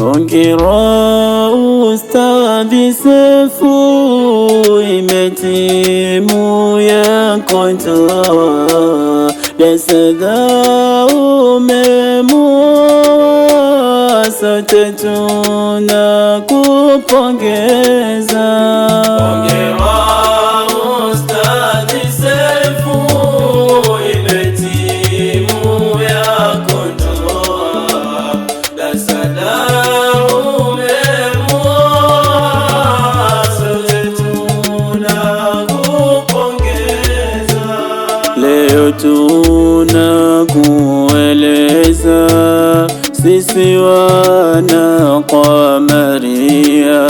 Hongera Ustadhi Sefu, imetimu yako ndoa, Dasada umemuoa, sote tunakupongeza. Sada tuna kueleza sisi wana kwa Maria,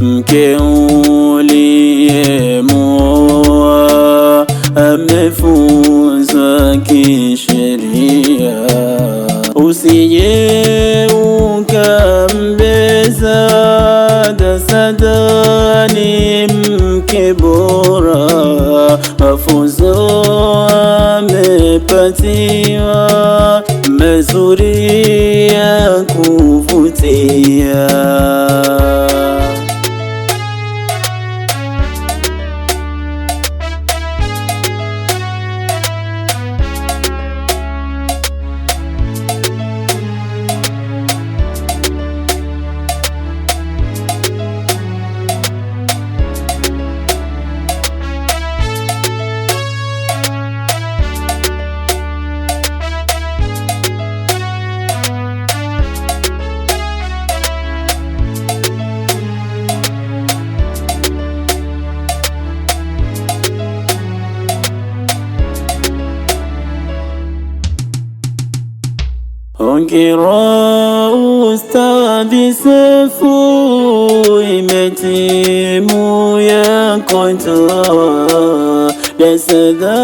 mke uliyemuoa amefunzwa kisheria, usije ukambeza dasadani mke bora mafunzo nimepatiwa mazuri ya kuvutia. Hongera ustadi sefu imetimu ya konta Deseda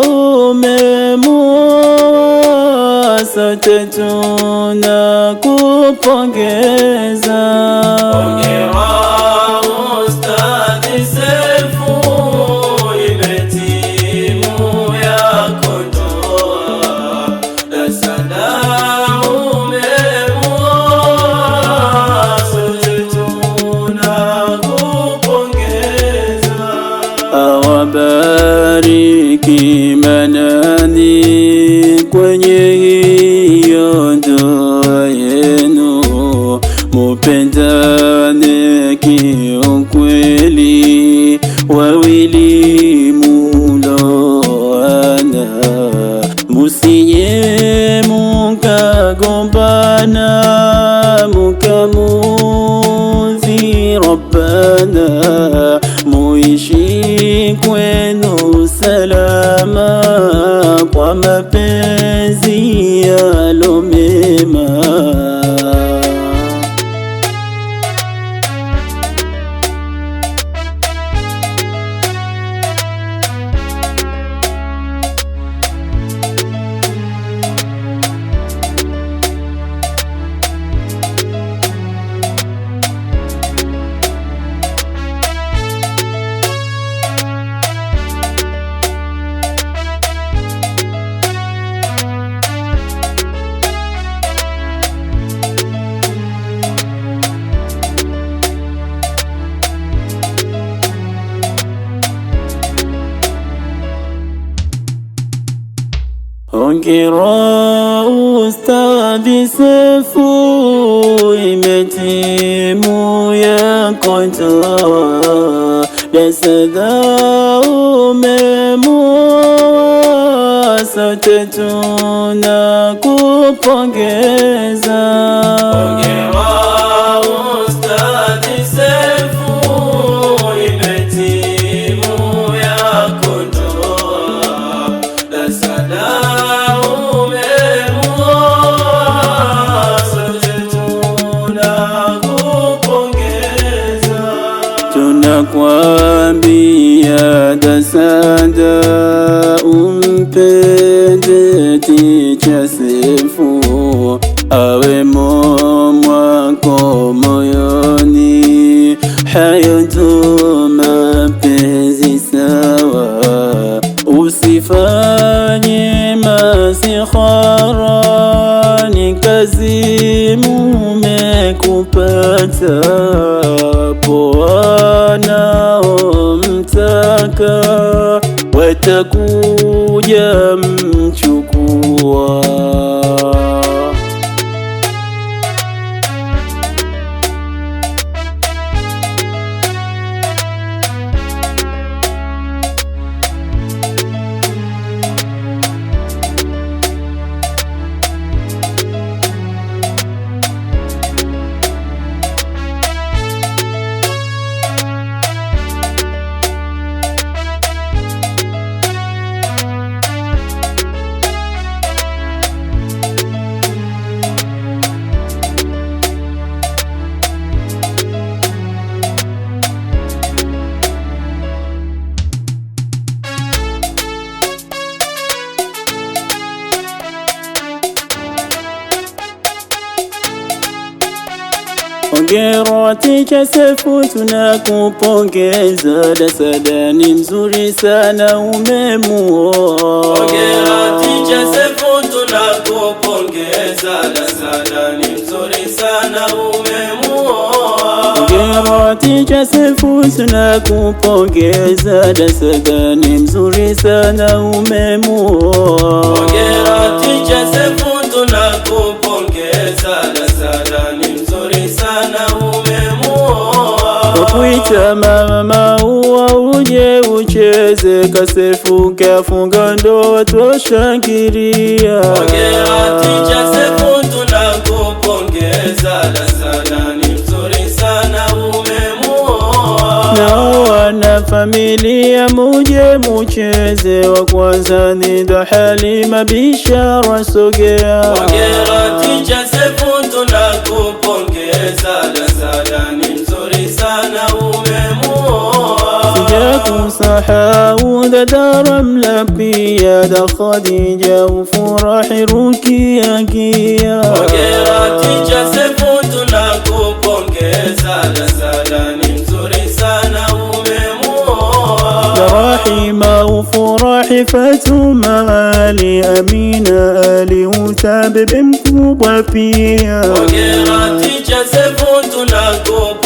umemua sote tunakupongeza Hongera من kama kwa mapenzi yalo mema Kiroa ustadi sefu imetimu ya kontoa Deseda umemuoa sote tunakupongeza Nifanye masihara ni kazi mumekupata, poa naomtaka watakuja mchukua Kerati Chesefu tunakupongeza, Dasadani mzuri sana umemuoa. Kerati Chesefu tunakupongeza, Dasadani mzuri mzuri sana umemuoa. Kutuita mama maua uje ucheze kasefuke afunga ndo twashangilia. Hongera Teacher Sefu tunakupongeza la sana ni mzuri sana Na familia muje mucheze wa kwanza ni Halima Bishara sogea. Hongera حاود دار ملبي يا دا خديجة وفرح روكي يا كيا وقيراتي جسفوتنا كوكونجيزا لسالاني ما وفرحي فاتو مالي أمينة ألي وتاب بمكوبة فيها وقيراتي جسفوتنا كوكونجيزا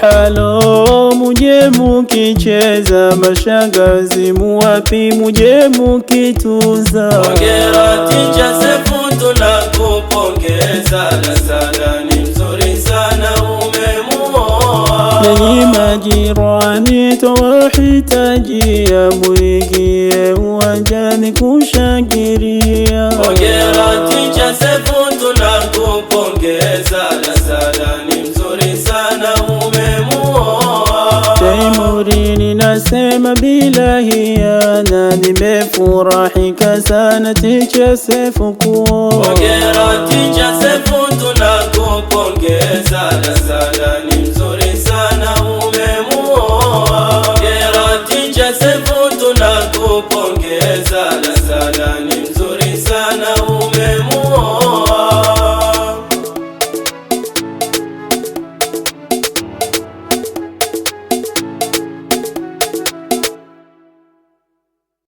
halo muje mukicheza, mashangazi muwapi muje mukitunza. Hongera Teacher Sefu, tunakupongeza na sana, ni mzuri sana umemuoa. Nanyi majirani twawahitajia, muingie uwanjani kushangilia. Hongera Teacher Sefu, tunakupongeza na sana Nasema bila hiana, nimefurahi sana Teacher Seif kuona. Hongera Teacher Seif, tunakupongeza sana sana.